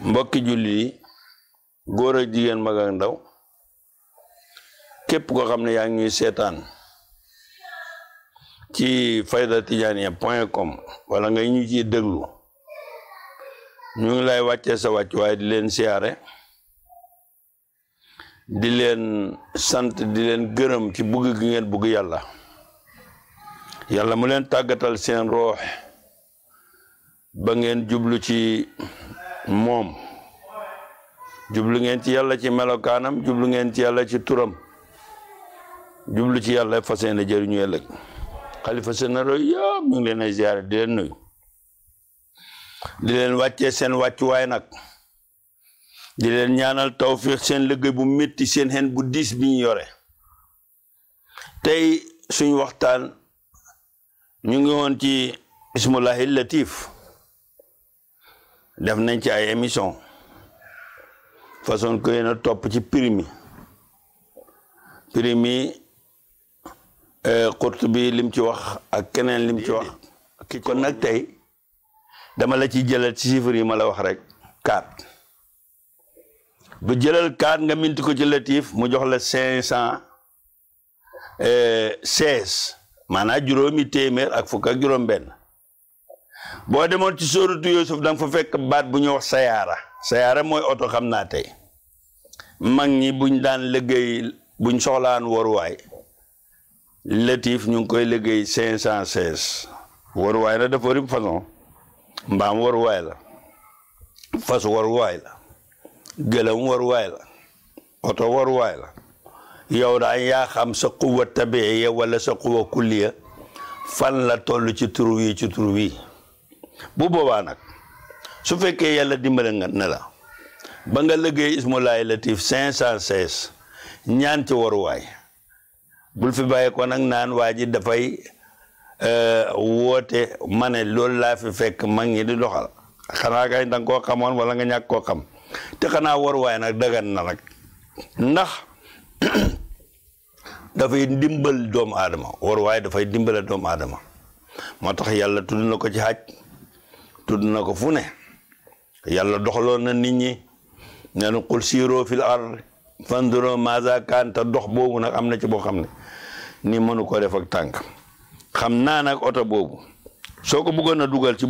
mbokki julli yi góor jigéen mag ak ndaw képp koo xam ne yaa ngi ñuy seetaan ci fayda tijaaniya point com wala nga ñu ciy déglu ñu ngi lay wàccee sa wàcc waaye di leen siyaare di leen sant di leen gërëm ci bugg gi ngeen bugg yàlla yàlla mu leen tàggatal seen roox ba ngeen jublu ci moom jublu ngeen ci yalla ci melokanam jublu ngeen ci yalla ci turam jublu ci yàlla fas yéene jëriñu khalifa xalifa sénéro ya ñu ngi leen ay di leen nuy di leen sen waccu way nak di leen ñaanal tawfiq sen liggey bu metti sen hen bu dis bi ñu waxtaan ñu ngi won ci bismillahil latif def nañ ci ay émission façon ko yéen a topp ci primi primi xurt euh, bi lim ci wax ak keneen lim ci wax kon nag tey dama la ci jëlal ci chiffre yi ma la wax rek quatre bu jëlal quatre nga minti ko ci latif mu jox la cinq cent euh, seize maanaam juróomi téeméer ak fukk ak benn boo demoon ci sóoratu Yuusuf da nga fa fekk baat bu ñuy wax sayaara sayaara mooy oto xam naa tey mag ñi buñ daan liggéey buñ soxlaan waruwaay latif ñu ngi koy liggéey cinq cent seize waruwaay la dafa rib mbaam waruwaay la fas waruwaay la gëlëm waruwaay la oto waruwaay la yow daañ yaa xam sa quwa tabiiya wala sa quwa kulliya fan la toll ci tur wi ci tur wi bu boobaa nag su fekkee yàlla dimbale na ne la ba nga liggéey Ismulaay Latif cinq cent seize ñaan ci waruwaay bul fi bàyyi ko nag naan waa ji dafay euh, woote ma ne loolu laa fi fekk mag ngi di doxal xanaa kay da nga koo xamoon wala nga ñàkk koo xam te xanaa waruwaay nag dagan na nag ndax dafay dimbal doomu aadama waruwaay dafay dimbale doomu aadama moo tax yàlla tudd na ko ci xaj tudd na ko fune yalla yàlla na nit ñi nanu qul siru fil ard ma za kan ta dox bobu nak amna na ci bo xamne ni mënu ko def ak tank xamna nak auto bobu soko duggal ci dugal ci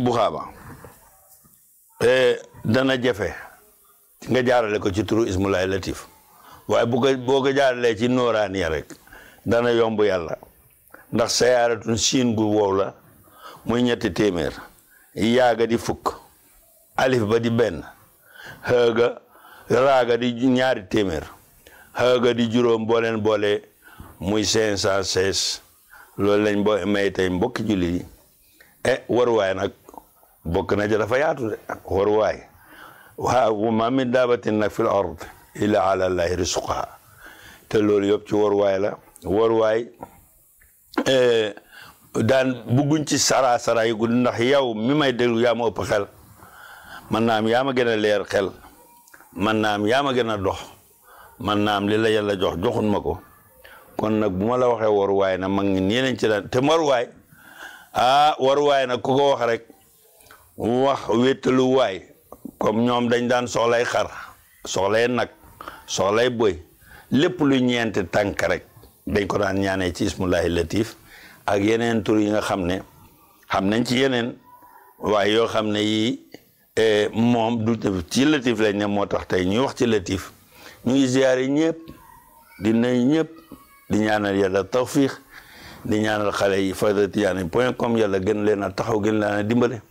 dana jafe nga jaarale ko ci turu ismulaay latif waaye bu ko boo ci ya rek dana yomb yalla ndax sayaratun sin gu wowla ñetti yaaga di fukk alif ba di benn xëga raaga di ñaari téeméer xëga di juróom booleen boole muy cinq cent seize loolu lañ bo may tey mbokki jullit yi e waruwaay nag bokk na ja dafa yaatu de waruwaay waaw wa maa min daabatin nag fil ard illa ala llahi te loolu yëpp ci waruwaay la waruwaay eh, daan bugguñ ci saraa saraa ndax yow mi may dellu yaa ma ëpp xel man naam yaa ma gën a leer xel man naam yaa ma gën a dox man naam li la yàlla jox joxun ma ko kon nag bu ma la waxee waruwaay na mag ñi nii lañ ci daan te waruwaay ah waruwaay nag ku ko wax rek wax wéttaluwaay comme ñoom dañ daan soxlay xar soxlay nag soxlay boy lépp lu ñeenti tànk rek dañ ko daan ñaane ci ismullahi latif ak yeneen tur yi nga xam ne xam nañ ci yeneen waaye yoo xam ne yi eh, moom du ci latif lañ ne moo tax tey ñuy wax ci latif ñu ngi ziyaare ñëpp di nuyu ñëpp di ñaanal yàlla tawfiix di ñaanal xale yi fayda tijaani point comme yàlla gën leen a taxaw gën leen a dimbale